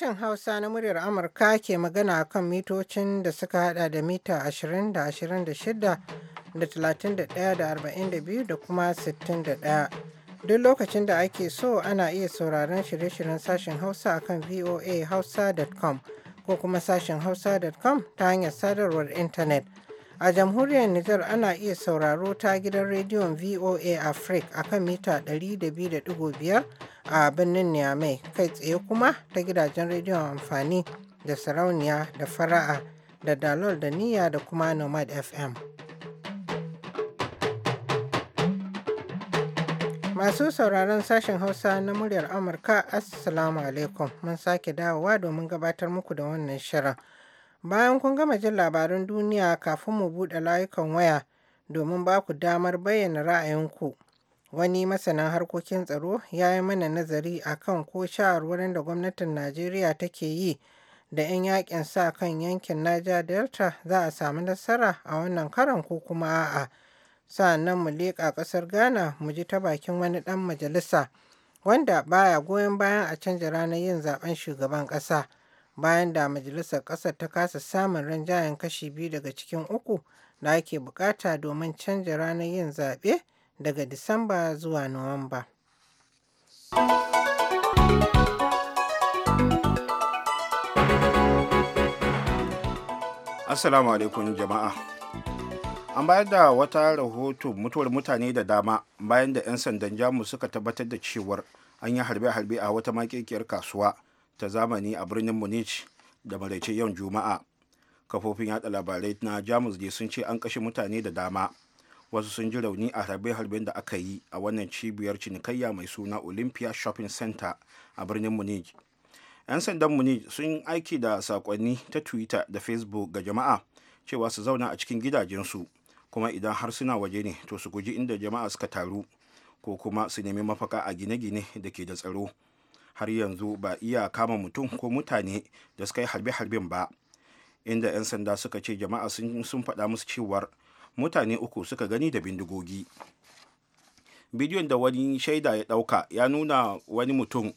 Sashen Hausa na muryar Amurka ke magana kan mitocin da suka hada da mita 20 da 26 da 31 da 42 da kuma 61. Duk lokacin da ake so ana iya sauraron shirye-shiryen sashen Hausa akan voahausa.com ko kuma sashen hausa.com ta hanyar sadarwar intanet. A jamhuriyar Nijar ana iya sauraro ta gidan rediyon VOA Africa a kan mita 200.5 a birnin Niamey kai tsaye kuma ta gidajen rediyon amfani da sarauniya da fara'a da dalol da niyya da kuma nomad FM. Masu sauraron sashen Hausa na muryar Amurka, Assalamu alaikum mun sake dawowa domin gabatar muku da wannan shirin. Bayan kun gama jin labarin duniya kafin mu buɗe layukan waya domin ba ku damar bayyana ra'ayinku. Wani masanin harkokin tsaro ya yi mana nazari a kan ko shawarwarin da gwamnatin Najeriya take yi da 'yan yakin sa kan yankin naja Delta za a samu nasara a wannan karan ko kuma a'a. nan mu leƙa ƙasar Ghana mu ji ta bakin wani ɗan majalisa wanda baya goyon bayan a canja ranar yin zaben shugaban ƙasa. bayan da majalisar ƙasar ta kasa samun rinjayen kashi biyu daga cikin uku da ake bukata domin canja ranar yin zaɓe daga Disamba zuwa Nuwamba. Assalamu alaikum jama'a. An bayar da wata rahoto mutuwar mutane da dama bayan da 'yan sandan Jamus suka tabbatar da cewar an yi harbe-harbe a wata makekiyar kasuwa. ta zamani a birnin munich da maraice yau juma'a kafofin yada labarai na jamus ne sun ce an kashe mutane da dama wasu sun ji rauni a harbe-harben da aka yi a wannan cibiyar cinikayya mai suna olympia shopping center a birnin munich 'yan sandan munich sun aiki da sakonni ta twitter da facebook ga jama'a cewa su zauna a cikin gidajensu kuma idan har suna waje ne to su guji inda jama'a suka taru ko kuma su nemi mafaka a gine-gine da ke da tsaro har yanzu ba iya kama mutum ko mutane da suka yi harbe-harben ba inda 'yan sanda suka ce jama'a sun faɗa musu cewar mutane uku suka gani da bindigogi bidiyon da wani shaida ya ɗauka ya nuna wani mutum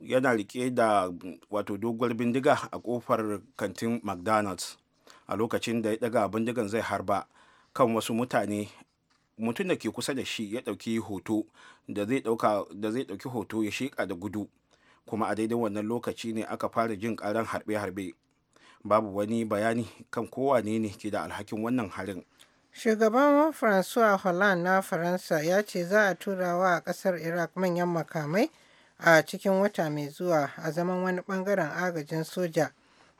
yana rike da wato doguwar bindiga a kofar kantin mcdonald's a lokacin da ya ɗaga bindigan zai harba kan wasu mutane mutum da ke kusa da shi ya ɗauki hoto da zai ɗauki hoto ya sheƙa da gudu kuma a daidai wannan lokaci ne aka fara jin karan harbe-harbe babu wani bayani kan kowa ne ke da alhakin wannan harin shugaban francois hollande na faransa ya ce za a tura wa kasar iraq manyan makamai a cikin wata mai zuwa a zaman wani bangaren agajin soja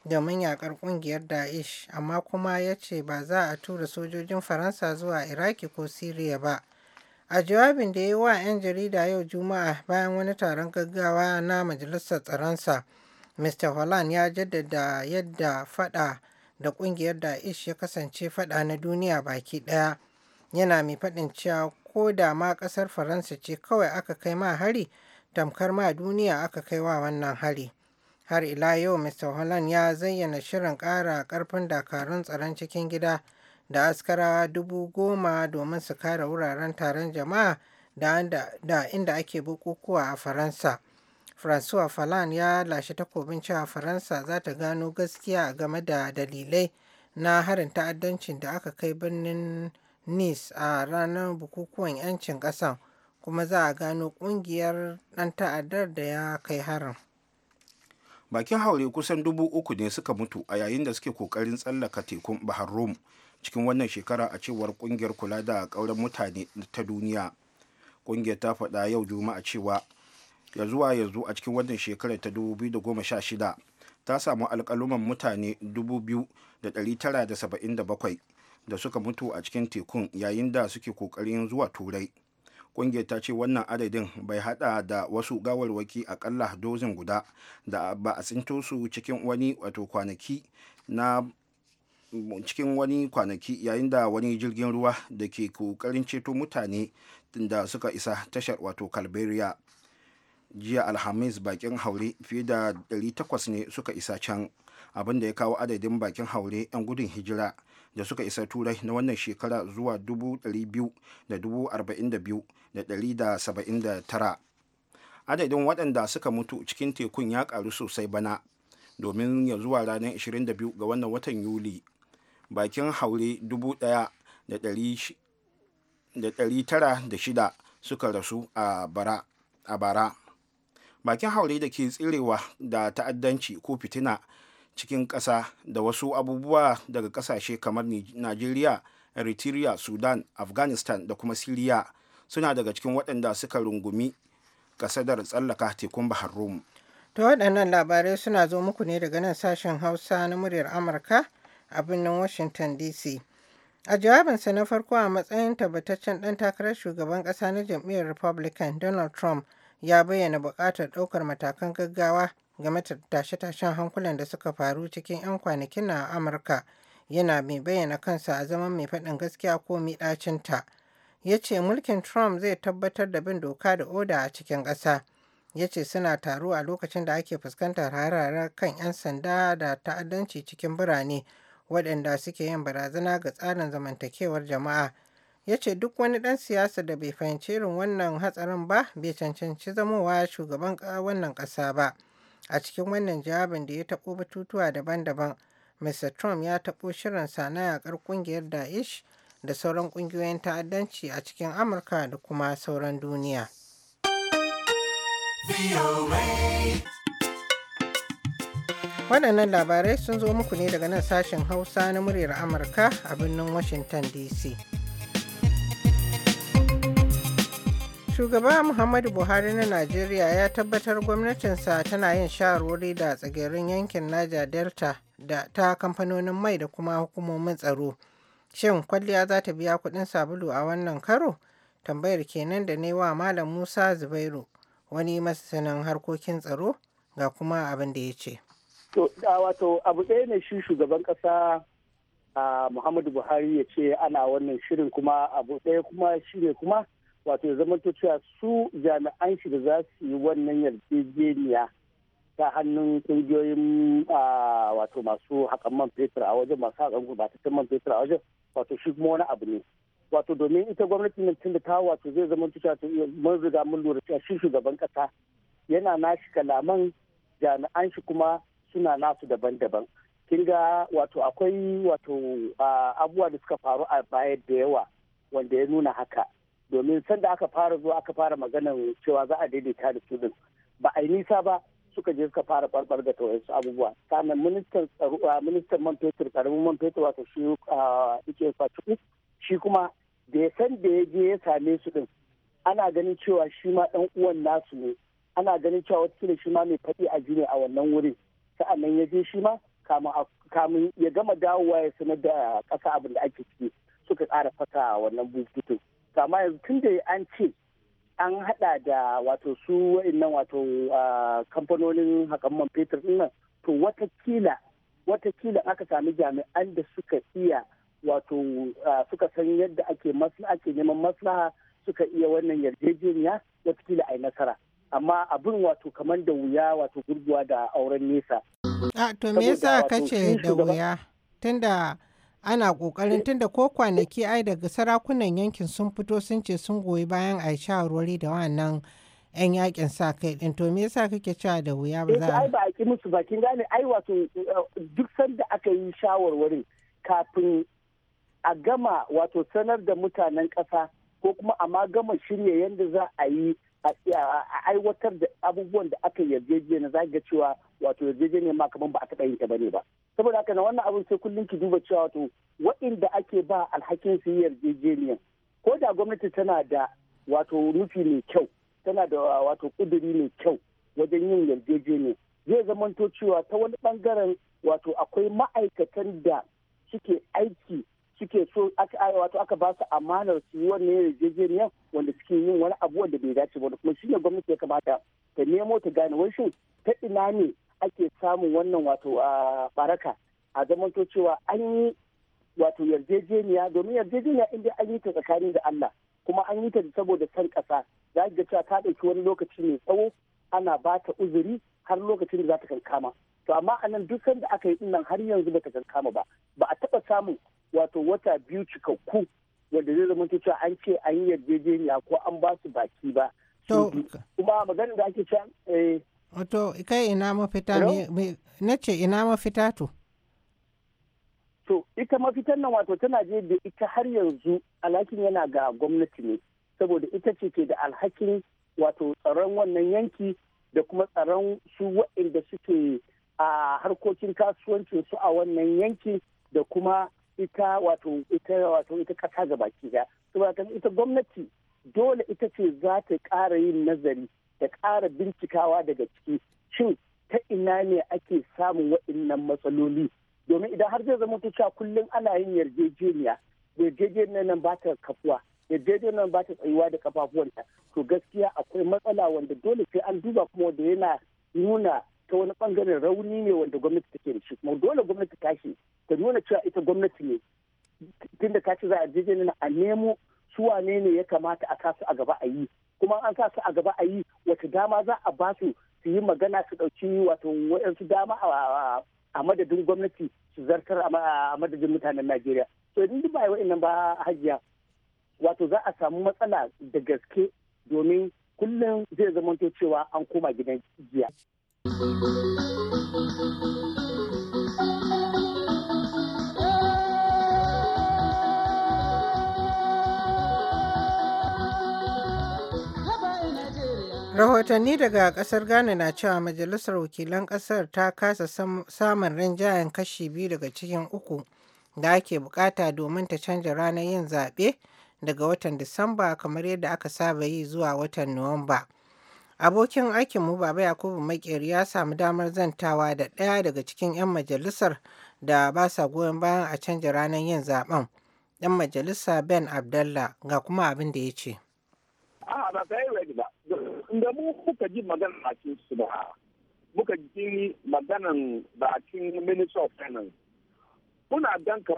domin yakar kungiyar daesh amma kuma ya ce ba za a tura sojojin faransa zuwa iraki ko siriya ba A jawabin da ya yi wa 'yan jarida yau Juma'a bayan wani taron gaggawa na Majalisar Tsaronsa, Mr. Holland ya jaddada yadda fada da kungiyar Daesh ya kasance fada na duniya baki daya. Yana mai faɗin cewa ko da ma ƙasar Faransa ce kawai aka kai ma hari, tamkar ma duniya aka kai wa wannan hari. Har ila yau Mr. Holland ya zayyana shirin ƙara ƙarfin dakarun tsaron cikin gida da askara dubu goma domin su kare wuraren taron jama'a da inda ake bukukuwa a faransa francois falan ya lashe takobin cewa faransa za ta gano gaskiya game da dalilai na harin ta'addancin da aka kai birnin nice a ranar bukukuwan 'yancin ƙasan kuma za a gano ƙungiyar ɗan ta'addar da ya kai harin bakin haure kusan dubu uku ne suka mutu a yayin da suke kokarin tsallaka tekun bahar rum cikin wannan shekara a cewar kungiyar kula da kauran mutane ta duniya kungiyar ta faɗa yau juma'a cewa ya zuwa yanzu a cikin wannan shekara ta 2016 ta samu alƙaluman mutane 2,977 da suka mutu a cikin tekun yayin da suke ƙoƙarin zuwa turai kungiyar ta ce wannan adadin bai hada da wasu gawarwaki akalla dozin guda da ba a tsinto su cikin wani wato kwanaki na cikin wani kwanaki yayin da wani jirgin ruwa da ke kokarin ceto mutane da suka isa tashar wato kalberiya jiya alhamis bakin haure fiye da 800 ne suka isa can abin da ya kawo adadin bakin haure 'yan gudun hijira da suka isa turai na wannan shekara zuwa 242,179 adadin waɗanda suka mutu cikin tekun ya ƙaru sosai bana domin ya zuwa ranar 22 ga wannan watan yuli bakin haure 1,906 suka rasu a bara bakin haure da ke tsirewa da ta'addanci ko fitina cikin ƙasa da wasu abubuwa daga ƙasashe kamar nigeria eritrea sudan afghanistan da kuma syria suna daga cikin waɗanda suka rungumi kasadar tsallaka tekun bahar rum ta waɗannan labarai suna zo muku ne daga nan sashen hausa na muryar amurka a birnin Washington DC. A jawabinsa na farko a matsayin tabbataccen ɗan takarar shugaban ƙasa na jam'iyyar Republican Donald Trump ya bayyana buƙatar ɗaukar matakan gaggawa game da tashe-tashen hankulan da suka faru cikin 'yan kwanakin na Amurka yana mai bayyana kansa a zaman mai faɗin gaskiya ko miɗacinta. Ya ce mulkin Trump zai tabbatar da bin doka da oda a cikin ƙasa. Ya ce suna taro a lokacin da ake fuskantar harare kan 'yan sanda da ta'addanci cikin birane. waɗanda suke yin barazana ga tsarin zamantakewar jama'a ya ce duk wani ɗan siyasa da bai fahimci irin wannan hatsarin ba bai cancanci zamowa shugaban wannan ƙasa ba a cikin wannan jawabin da ya taɓo batutuwa daban-daban mr trump ya taɓo shirin sa na yaƙar ƙungiyar daesh da sauran ƙungiyoyin ta'addanci a cikin amurka da kuma sauran duniya. Waɗannan labarai sun zo muku ne daga nan sashen Hausa na muryar Amurka a birnin Washington DC. Shugaba Muhammadu Buhari na Najeriya ya tabbatar gwamnatinsa tana yin shawarwari da tsagerin yankin Naja Delta da ta kamfanonin mai da kuma hukumomin tsaro. Shin kwalliya za ta biya kuɗin sabulu a wannan karo? Tambayar kenan da ne wa Malam Musa Zubairu wani masanin harkokin tsaro ga kuma abin da ya ce. To, wato abu ɗaya ne shi shugaban ƙasa Muhammadu Buhari ya ce ana wannan shirin kuma abu ɗaya kuma shi ne kuma wato ya zama cewa su jami'an shi da za su yi wannan yarjejeniya ta hannun ƙungiyoyin wato masu haƙan man fetur a wajen masu haƙan gurbatattun man fetur a wajen wato shi kuma wani abu ne. Wato domin ita gwamnati nan tun da ta wato zai zama cewa eh, mun riga mun lura cewa shi shugaban ƙasa yana nashi kalaman jami'an shi kuma suna nasu daban-daban kin ga wato akwai wato abubuwa da suka faru a baya da yawa wanda ya nuna haka domin sanda aka fara zuwa aka fara maganar cewa za a daidaita da su ba a yi nisa ba suka je suka fara barbar da wasu abubuwa sannan ministan tsaro ministan man fetur karamin man fetur wato shi yake fatuku shi kuma da ya san da ya je ya same su din ana ganin cewa shi ma dan uwan nasu ne ana ganin cewa wata shi ma mai faɗi a jini a wannan wurin sa'annan ya je shi ma kamun ya gama dawowa ya sanar da ƙasa abin da ake ciki suka ƙara saka wannan bututun kama yanzu tun da an ce an hada da wato su wa'annan wato kamfanonin haƙan man fetur nan to watakila aka sami jami'an da suka iya wato suka san yadda ake ake neman maslaha suka iya wannan yarjejeniya watakila a yi nasara amma abin wato kamar da wuya wato gurguwa da auren nesa. a to me yasa ce da wuya tunda ana kokarin tunda ko kwanaki ai daga sarakunan yankin sun fito sun ce sun goyi bayan a shawarwari da wannan yan yakin sa kai din to me yasa kake cewa da wuya ba eh, za a ba a ki musu bakin gane ai wato eh, duk sanda aka yi shawarwarin kafin a gama wato sanar da mutanen ƙasa ko kuma a gama shirya yadda za a yi a aiwatar da abubuwan da aka yarjejeniya za ga cewa wato yarjejeniya ma kamar ba a taɓa yin ta bane ba saboda haka na wannan abin sai kullum ki duba cewa wato waɗanda ake ba alhakin su yarjejeniya ko da gwamnati tana da wato nufi mai kyau tana da wato ƙuduri mai kyau wajen yin yarjejeniya zai zamanto cewa ta wani bangaren wato akwai ma'aikatan da suke aiki suke so aka aya wato aka ba su amanar su yi wannan yarjejeniyar wanda suke yin wani abu wanda bai dace ba kuma shi ne gwamnati ya kamata ta nemo ta gane wai shin ta ina ne ake samun wannan wato a baraka a zamanto cewa an yi wato yarjejeniya domin yarjejeniya inda an yi ta tsakanin da Allah kuma an yi ta saboda san kasa za ga cewa ta dauki wani lokaci mai tsawo ana ba ta uzuri har lokacin da za ta kankama to amma anan duk sanda aka yi nan har yanzu ba ta kankama ba ba a taba samun wato wata biyu cikakku wanda zai zama cewa an ce an yi yarjejeniya ko an ba su baki ba. To, kuma maganin da ake can. Eh. wato kai ina mafita na ce ina mafita to. To, ita mafitan nan wato tana je da ita har yanzu alhakin yana ga gwamnati ne, saboda ita ce ke da alhakin wato tsaron wannan yanki da kuma tsaron su waɗanda suke a harkokin kasuwancin su a wannan yanki da kuma ita wato ita wato ita kasa ga baki daya saboda ita gwamnati dole ita ce za ta ƙara yin nazari da ƙara bincikawa daga ciki shin ta ina ne ake samun waɗannan matsaloli domin idan har zai zama cewa kullum ana yin yarjejeniya yarjejeniya nan ba ta kafuwa yarjejeniya nan ba ta tsayuwa da kafafuwanta to gaskiya akwai matsala wanda dole sai an duba kuma da yana nuna ta wani bangaren rauni ne wanda gwamnati take da shi kuma dole gwamnati tashi ta nuna cewa ita gwamnati ne tunda ta ce za a jeje a nemo su wane ne ya kamata a kasu a gaba a yi kuma an sa a gaba a yi wata dama za a ba su su yi magana su ɗauki wato waɗansu dama a madadin gwamnati su zartar a madadin mutanen najeriya to idan duk ba ba hajiya wato za a samu matsala da gaske domin kullum zai zama cewa an koma gidan jiya rahotanni daga kasar ghana na cewa majalisar wakilan kasar ta kasa samun rinjayen kashi biyu daga cikin uku da ake bukata domin ta canja ranar yin zaɓe daga watan disamba kamar yadda aka saba yi zuwa watan nuwamba Abokin aikinmu Baba Yakubu Maƙeri ya samu damar zantawa da ɗaya daga cikin 'yan majalisar da ba sa goyon bayan a canja ranar yin zaben. Ɗan majalisa Ben abdalla ga kuma abin da ya ce. A ba ka da mu ji magana a cikin ba. muka ji maganan minister of finance kuna ka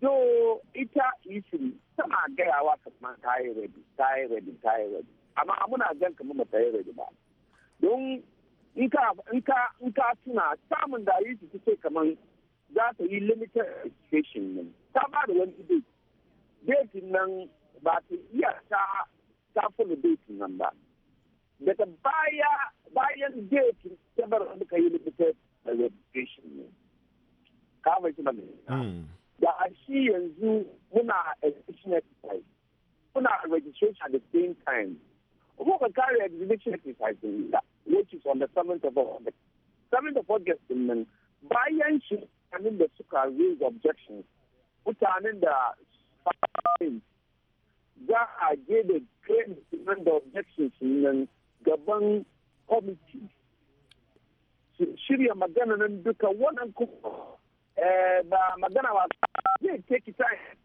do ita isiri tana gayawa kamar ta yi tayi ta yi rabi ta yi amma muna jan kamar mata yi ba don in ka tuna samun da yi su ce kamar za ta yi limited education nan ta ba da wani date date nan ba ta iya ta ta fully date nan ba daga baya bayan date ta bar ka yi limited education ne ka mai shi hmm. da a shi yanzu muna education muna registration at the same time ka kare exhibition exercise which is on the 7th of August. 7th of August din nan bayan shi mutanen da suka raise objections mutanen da za a je da claim da objections nan gaban committee shirya magana nan duka wannan kuma ba magana ba zai take time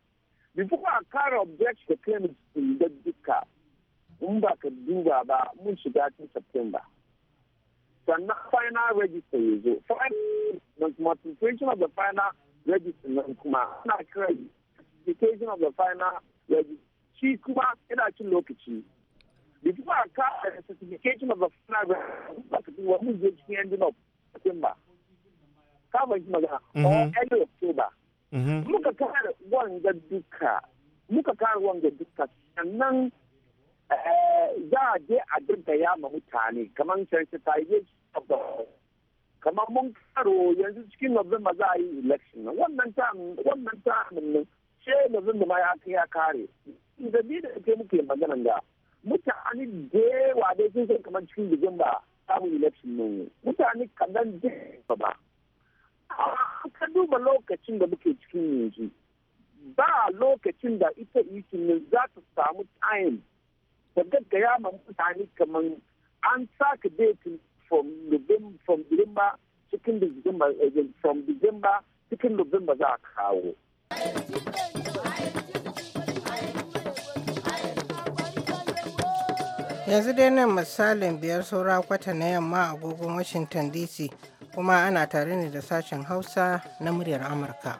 before a kara object da claims da duka in ba ka duba ba mun shiga cikin september sannan final register ya zo final multiplication of the final register nan kuma ana kira multiplication of the final register shi kuma yana cin lokaci before a ka certification of the final register ba ka duba mun je cikin ending of september ka shi magana mhm. or early october mhm. muka kare wanga duka muka kare wanga duka sannan Eh, za a je a ya ma mutane kamar sensitization of the kamar mun karo yanzu cikin November za a yi election wannan ta wannan ta nan sai November ma ya kai ya kare da ni da ke muke magana da mutane da yawa dai sun san kamar cikin December samun election nan mutane kadan da ba ka duba lokacin da muke cikin yanzu ba lokacin da ita yi isin za ta samu time da gaggaya ma mutane kamar an saka datin from November cikin eh, eh, December cikin November za a kawo. yanzu dai nan misalin biyar saura kwata na yamma a agogon washington dc kuma ana tare ne da sashen hausa na muryar amurka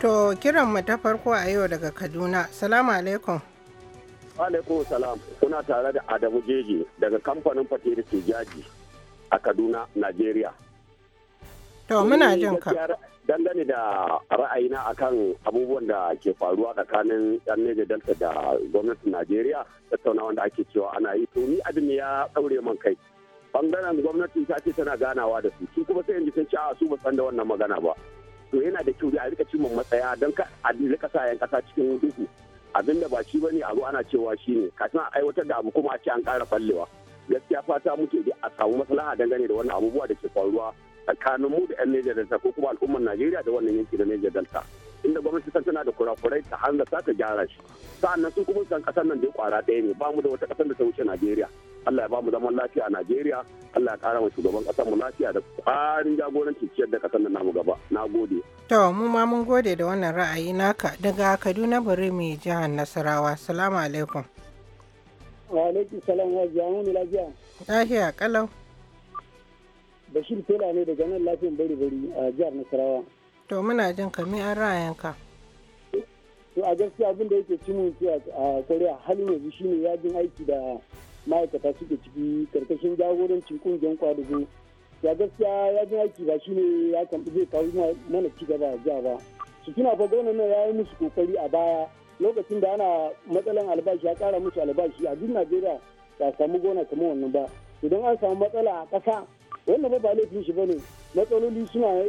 To kiran mu ta farko a yau daga Kaduna. Salamu alaikum. alaikum salam kuna tare da Adamu Jeji daga kamfanin Fatiri Tijaji a Kaduna, Najeriya. To muna eh, jin ka. Dangane da ra'ayina akan abubuwan da ke faruwa tsakanin yan Niger Delta da gwamnatin Najeriya tattaunawa da ake cewa ana yi to ni abin ya daure man kai. Bangaren gwamnatin ta ce tana ganawa da su su kuma sai in ji sun ci a su ba san da wannan magana ba. to yana da kyau a rika cimma matsaya don a rika sa yan kasa cikin duhu abin da ba shi bane abu ana cewa shi ne kafin a aiwatar da abu kuma a ce an ƙara fallewa gaskiya fata muke da a samu maslaha dangane da wannan abubuwa da ke faruwa tsakanin mu da yan Niger Delta ko kuma al'ummar Najeriya da wannan yanki da Niger Delta inda gwamnati san tana da kurakurai ta hanzar ta gyara shi sa'annan su kuma san kasar nan da kwara ɗaya ne ba mu da wata kasar da ta wuce Najeriya Allah ya ba mu zaman lafiya a Najeriya Allah ya kara mu shugaban kasar mu lafiya da kwarin jagoranci ciyar da kasar nan namu gaba na gode to mu ma mun gode da wannan ra'ayi naka daga Kaduna bari mu jihar Nasarawa assalamu alaikum wa alaikum salam wa jami'un lafiya lafiya kalau Bashir Tela ne daga nan lafiyan bari bari a jihar Nasarawa to muna jin ka mi an ra'ayinka to a gaskiya abin da yake cimin a Korea halin yanzu shine yajin aiki da ma'aikata suke ciki karkashin jagorancin kungiyar kwadugo ya gaskiya ya ji aiki ba shi ne ya kamfi zai kawo mana ci gaba a jiya ba su tuna fa gwamnan ya yi musu kokari a baya lokacin da ana matsalan albashi ya kara musu albashi a duk najeriya ba samu gona kamar wannan ba idan an samu matsala a ƙasa wannan ba laifin shi ne matsaloli suna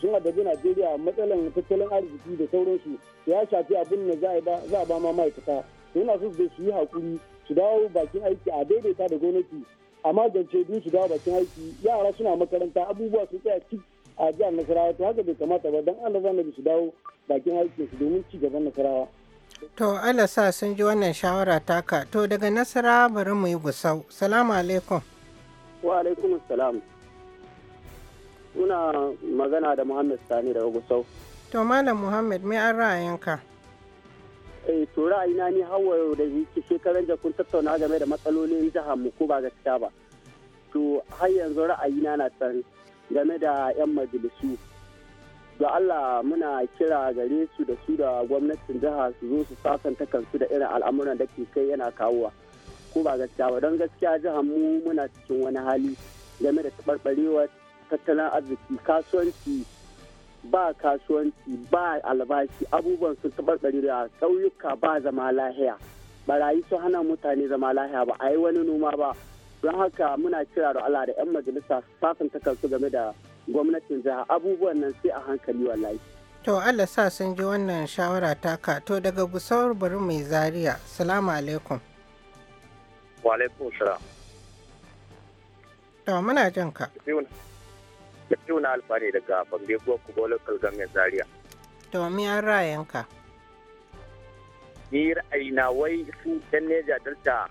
sun addabi najeriya matsalan tattalin arziki da sauransu ya shafi abin da za a ba ma ma'aikata yana so da su yi hakuri su dawo bakin aiki a daidaita da gwamnati a magance duk su dawo bakin aiki yara suna makaranta abubuwa sun tsaya cik a jihar nasarawa to haka bai kamata ba don allah zanabi su dawo bakin aiki su domin ci gaban nasarawa. To Allah sa sun ji wannan shawara taka. To daga nasara bari mu yi gusau. Salamu alaikum. Wa alaikum salam. suna magana da Muhammad Sani daga gusau. To Malam Muhammad me an ra'ayinka? eh to ra'ayina ni hawa da yake shekaran da kun tattauna game da matsalolin jiha mu ko ba gaskiya ba to har yanzu ra'ayina na san game da yan majalisu da Allah muna kira gare su da su da gwamnatin jiha su zo su sasanta kansu da irin al'amuran da ke kai yana kawowa ko ba gaskiya ba don gaskiya jihar mu muna cikin wani hali game da taɓarɓarewar tattalin arziki kasuwanci ba kasuwanci ba albashi abubuwan sun taɓarɓare da sauyuka ba zama lahiya barayi sun hana mutane zama lahiya ba a yi wani noma ba don haka muna kira da Allah da 'yan majalisa ta kansu game da gwamnatin jiha abubuwan nan sai a hankali wallahi. To Allah sa sun ji wannan shawara taka to daga busawar bari mai zaria salamu alaikum. Wa alaikum salam. To muna jin Yau na alfa daga Bambe ko kuma local government Zaria. To mi an ra'ayinka? Ni na wai su ɗan Neja Delta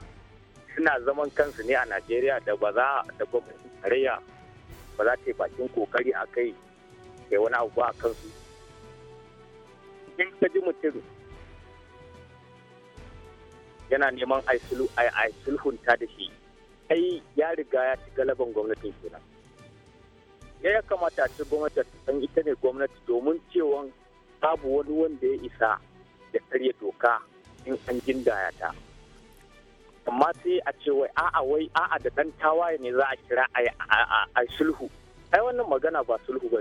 suna zaman kansu ne a Najeriya da ba za da gwamnatin tarayya ba za ta yi bakin kokari a kai da wani abu a kansu. In ka ji mutum yana neman a sulhunta da shi ai ya riga ya ci galaban gwamnatin kenan. ya ya kamata ce gwamnati san ita ne gwamnati domin cewa babu wani wanda ya isa da karya doka in an gindaya ta amma sai a ce wai a'a wai a'a da dan tawaye ne za a kira a sulhu ai wannan magana ba sulhu ba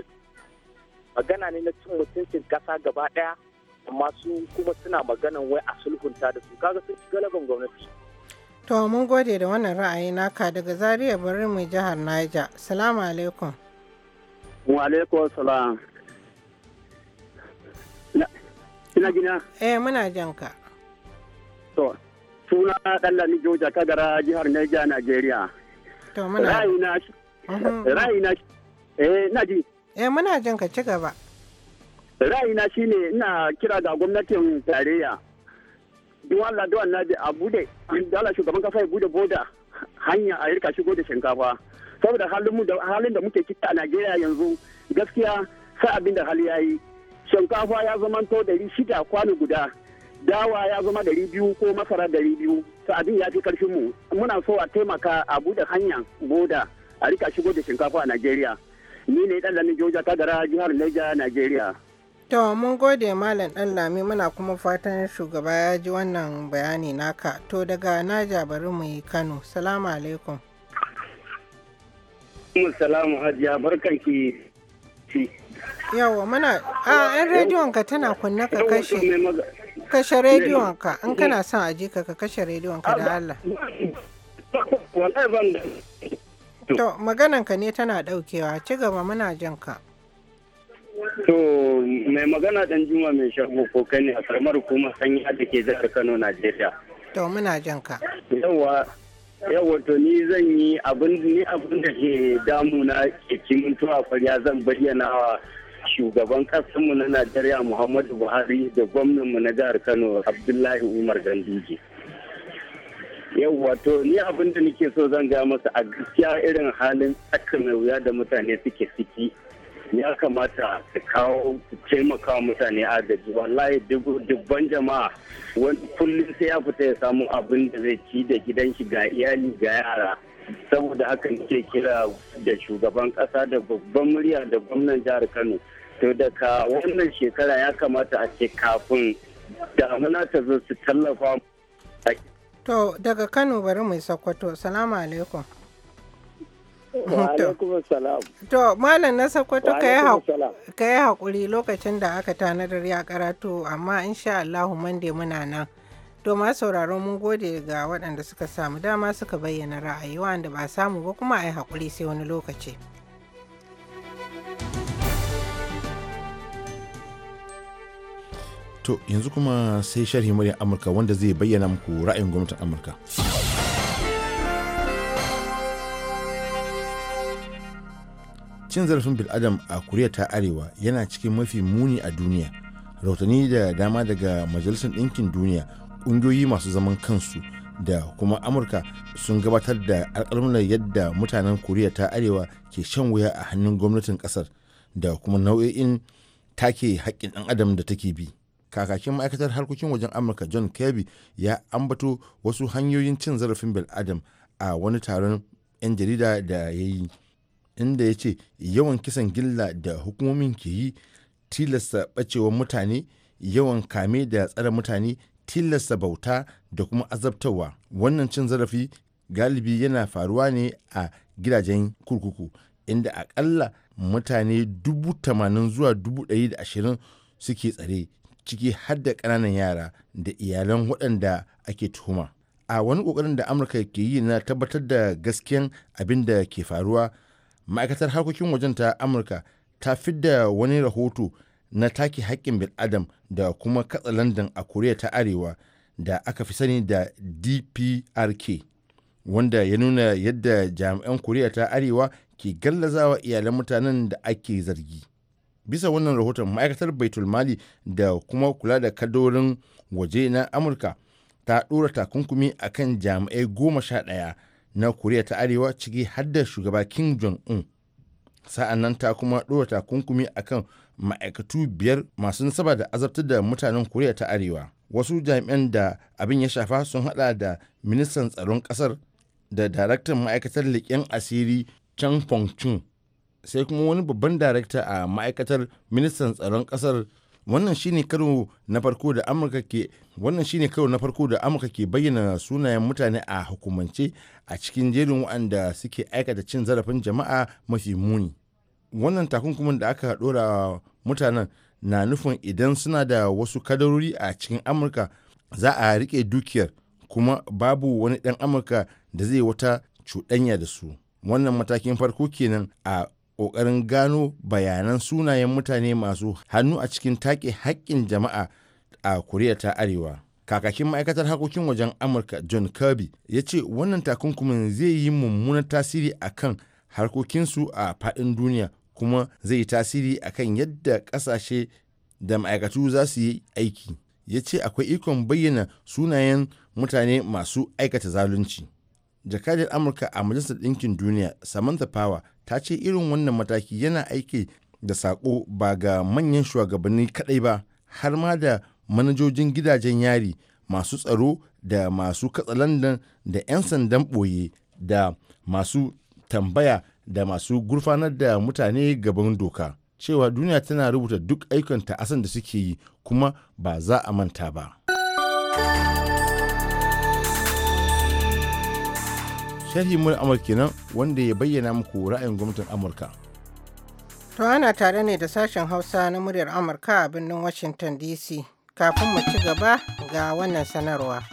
magana ne na cin mutuncin kasa gaba daya amma su kuma suna maganan wai a sulhunta da su kaga sun ci galaban gwamnati to mun gode da wannan ra'ayi naka daga zaria bari mu jihar Niger salamu alaikum Wa alaikum salam. Ina gina? Eh muna jan ka. To, suna Ɗallami Joja Kagara jihar Niger Najeriya. To muna. Ra'ayina mhm. ra'ayina eh na ji. Eh muna jan ci gaba. Ra'ayina shine ina kira ga gwamnatin tarayya. Duk Allah duk Allah a bude, dala shugaban kafa ya bude boda hanya a rika shigo da shinkafa. saboda halin da muke cikin a najeriya yanzu gaskiya sai abin da hali yayi shinkafa ya zama to dari shida kwano guda dawa ya zama dari biyu ko masara dari biyu to abin ya fi karfin mu muna so a taimaka a bude hanya boda a rika shigo da shinkafa a najeriya ni ne dan lamin joja kagara jihar neja najeriya To mun gode Malam ɗan Lami muna kuma fatan shugaba ya ji wannan bayani naka. To daga Naja bari mu yi Kano. Salamu alaikum. Umar Salamu Hajiya barkan ci. Yawa muna a yan rediyon ka tana kunna ka kashe kashe rediyon ka in kana son a ka ka kashe rediyon ka da Allah. To maganan ka ne tana daukewa ci gaba muna jin ka. To mai magana dan Juma mai shago ko kai ne a karamar hukumar sanya da ke zaka Kano Najeriya. To muna jin ka. Yawa yawa to ni zan yi abin ni abin da ke na ke cimin tuwa kwarya zan bayyana wa shugaban kasanmu na Najeriya Muhammadu Buhari da gwamnanmu na jihar Kano Abdullahi Umar Ganduje. Yau to ni abin da nake so zan gaya masa a gaskiya irin halin tsakanin wuya da mutane suke ciki ya kamata su kawo taimaka mutane agaji wallahi dubban jama'a kullum sai ya fita ya samu abin da zai ci da gidan shi ga iyali ga yara saboda hakan ke kira da shugaban kasa da babban murya da gwamnan jihar kano to daga wannan shekara ya kamata a ce kafin damuna ta zo su tallafa to daga kano bari mai sokoto salamu alaikum To, Malam na Sokoto ka yi haƙuri lokacin da aka tanadar ya karatu amma insha Allahu mande muna nan. To, ma sauraro mun gode ga waɗanda suka samu dama suka bayyana ra'ayi wanda ba samu ba kuma a yi haƙuri sai wani lokaci. To, yanzu kuma sai sharhi muryar Amurka wanda zai bayyana muku ra'ayin gwamnatin Amurka. cin zarafin bil'adam a koriya ta arewa yana cikin mafi muni a duniya rahotanni da dama daga majalisar ɗinkin duniya ƙungiyoyi masu zaman kansu da kuma amurka sun gabatar da alƙalmunar yadda mutanen koriya ta arewa ke shan wuya a hannun gwamnatin ƙasar da kuma nau'o'in take haƙƙin ɗan adam da take bi kakakin ma'aikatar harkokin wajen amurka john kirby ya ambato wasu hanyoyin cin zarafin bil'adam a wani taron 'yan jarida da ya yi inda ya ce yawan kisan gilla da hukumomin ke yi tilasta bacewa mutane yawan kame da tsare mutane tilasta bauta da kuma azabtarwa wannan cin zarafi galibi yana faruwa ne a gidajen kurkuku inda akalla mutane dubu tamanin zuwa dubu ɗari da ashirin suke tsare ciki har da ƙananan yara da iyalan waɗanda ake tuhuma a wani ƙoƙarin da amurka ke yi na tabbatar da gaskiyan abin da ke faruwa ma'aikatar harkokin wajen ta amurka ta fidda wani rahoto na taki haƙƙin adam da kuma katsa landan a koriya ta arewa da aka fi sani da dprk wanda ya nuna yadda jami'an koriya ta arewa ke gallazawa iyalan mutanen da ake zargi bisa wannan rahoton ma'aikatar baitul mali da kuma kula da kadorin waje na amurka ta ɗora takunkumi akan jami'ai goma sha ɗaya na koriya ta arewa ciki har da shugaba kim jong-un sa'an nan ta kuma ɗora takunkumi akan ma'aikatu biyar masu nasaba da azabtar da mutanen koriya ta arewa wasu jami'an da abin ya shafa sun hada da ministan tsaron kasar da daraktan ma'aikatar leƙen asiri chang pong sai kuma wani babban darakta a ma'aikatar ministan tsaron kasar wannan shine karo na farko da amurka ke wannan shine karo na farko da amurka ke bayyana sunayen mutane a hukumance a cikin jerin wanda suke aikata cin zarafin jama'a mafi muni wannan takunkumin da aka ɗora mutanen na nufin idan suna da wasu kadarori a cikin amurka za a rike dukiyar kuma babu wani ɗan amurka da zai wata cuɗanya da su wannan matakin farko kenan a ƙoƙarin gano bayanan sunayen mutane masu hannu a cikin take haƙƙin jama'a a Koriya ta Arewa. Kakakin ma'aikatar harkokin wajen Amurka John Kirby ya ce wannan takunkumin zai yi mummunar tasiri a kan harkokinsu a faɗin duniya kuma zai yi tasiri a kan yadda ƙasashe da ma'aikatu za su yi aiki. Ya ce akwai ikon bayyana sunayen mutane masu aikata zalunci. Jakadiyar Amurka a Majalisar Ɗinkin Duniya Samantha Power ta ce irin wannan mataki yana aiki da sako ba ga manyan shugabanni kadai ba har ma da manajojin gidajen yari masu tsaro da masu katsalandan da 'yan sandan ɓoye da masu tambaya da masu gurfanar da mutane gaban doka cewa duniya tana rubuta duk aikanta asan da suke yi kuma ba za a manta ba. sharhi mun amurka kenan wanda ya bayyana muku ra'ayin gwamnatin amurka to ana tare ne da sashen hausa na muryar amurka a birnin washington dc kafin mu ci gaba ga wannan sanarwa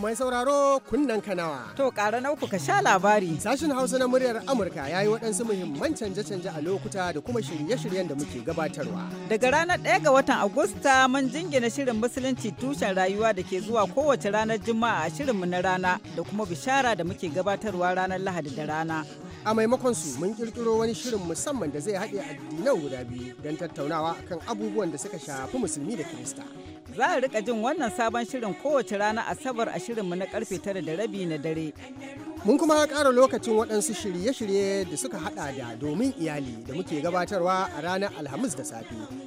mai sauraro kunnen kanawa. To ƙara na uku ka sha labari. Sashin Hausa na muryar Amurka ya yi waɗansu muhimman canje-canje a lokuta da kuma shirye-shiryen da muke gabatarwa. Daga ranar 1 ga watan Agusta mun jingina shirin Musulunci tushen rayuwa da ke zuwa kowace ranar Juma'a a shirinmu na rana da kuma bishara da muke gabatarwa ranar Lahadi da rana. a maimakon su mun kirkiro wani shirin musamman da zai haɗe addinan guda biyu don tattaunawa kan abubuwan da suka shafi musulmi da kirista za a rika jin wannan sabon shirin kowace rana asabar a shirinmu na karfe tara da rabi na dare. Mun kuma ƙara lokacin waɗansu shirye-shirye da suka haɗa da domin iyali da muke gabatarwa a ranar Alhamis da safe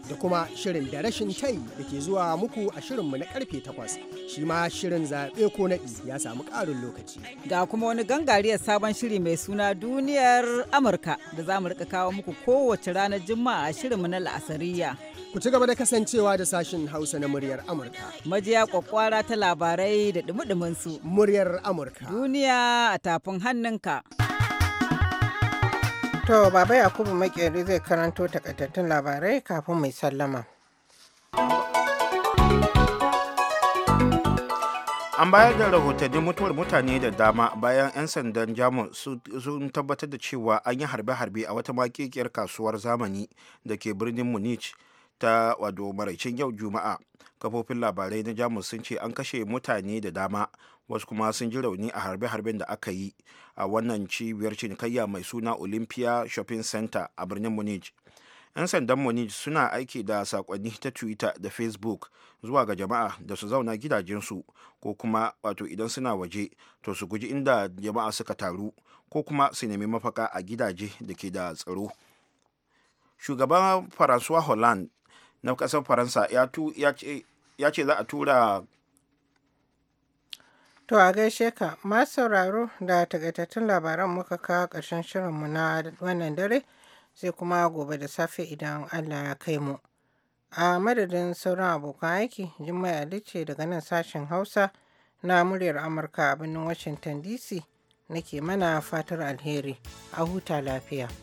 da kuma shirin da rashin tai da ke zuwa muku a shirinmu na karfe takwas. Shi ma shirin zaɓe ko naɗi ya samu ƙarin lokaci. Ga kuma wani gangariyar sabon shiri mai suna duniyar Amurka da za mu riƙa kawo muku kowace ranar Juma'a a shirinmu na la'asariya. Ku ci gaba da kasancewa da sashin Hausa na muryar Amurka. Majiya kwakwara ta labarai da dumi Muryar Amurka. Duniya a tafin hannunka. To, Baba Yakubu Makeri zai karanto takaitattun labarai kafin mai sallama. An bayar da rahotanni mutuwar mutane da dama bayan 'yan sandan Jamus sun tabbatar da cewa an yi harbe-harbe a wata makikiyar kasuwar zamani da ke birnin Munich. ta wado maraicin yau juma'a kafofin labarai na jamus sun ce an kashe mutane da dama wasu kuma sun ji rauni a harbe-harben da aka yi a wannan cibiyar cinikayya mai suna olympia shopping center a birnin munich 'yan sandan munich suna aiki da sakonni ta twitter da facebook zuwa ga jama'a da su zauna gidajensu ko kuma wato idan suna waje to su guji inda jama'a suka taru ko kuma su nemi mafaka a gidaje da ke da tsaro shugaban faransuwa holland na kasar faransa ya ce za a tura to a gaishe ka masu sauraro da takaitattun labaran muka kawo ƙarshen shirinmu na wannan dare sai kuma gobe da safe idan allah ya kai mu a madadin sauran abokan aiki jimai ali ce daga nan sashen hausa na muryar amurka a birnin washington dc nake mana fatar alheri a huta lafiya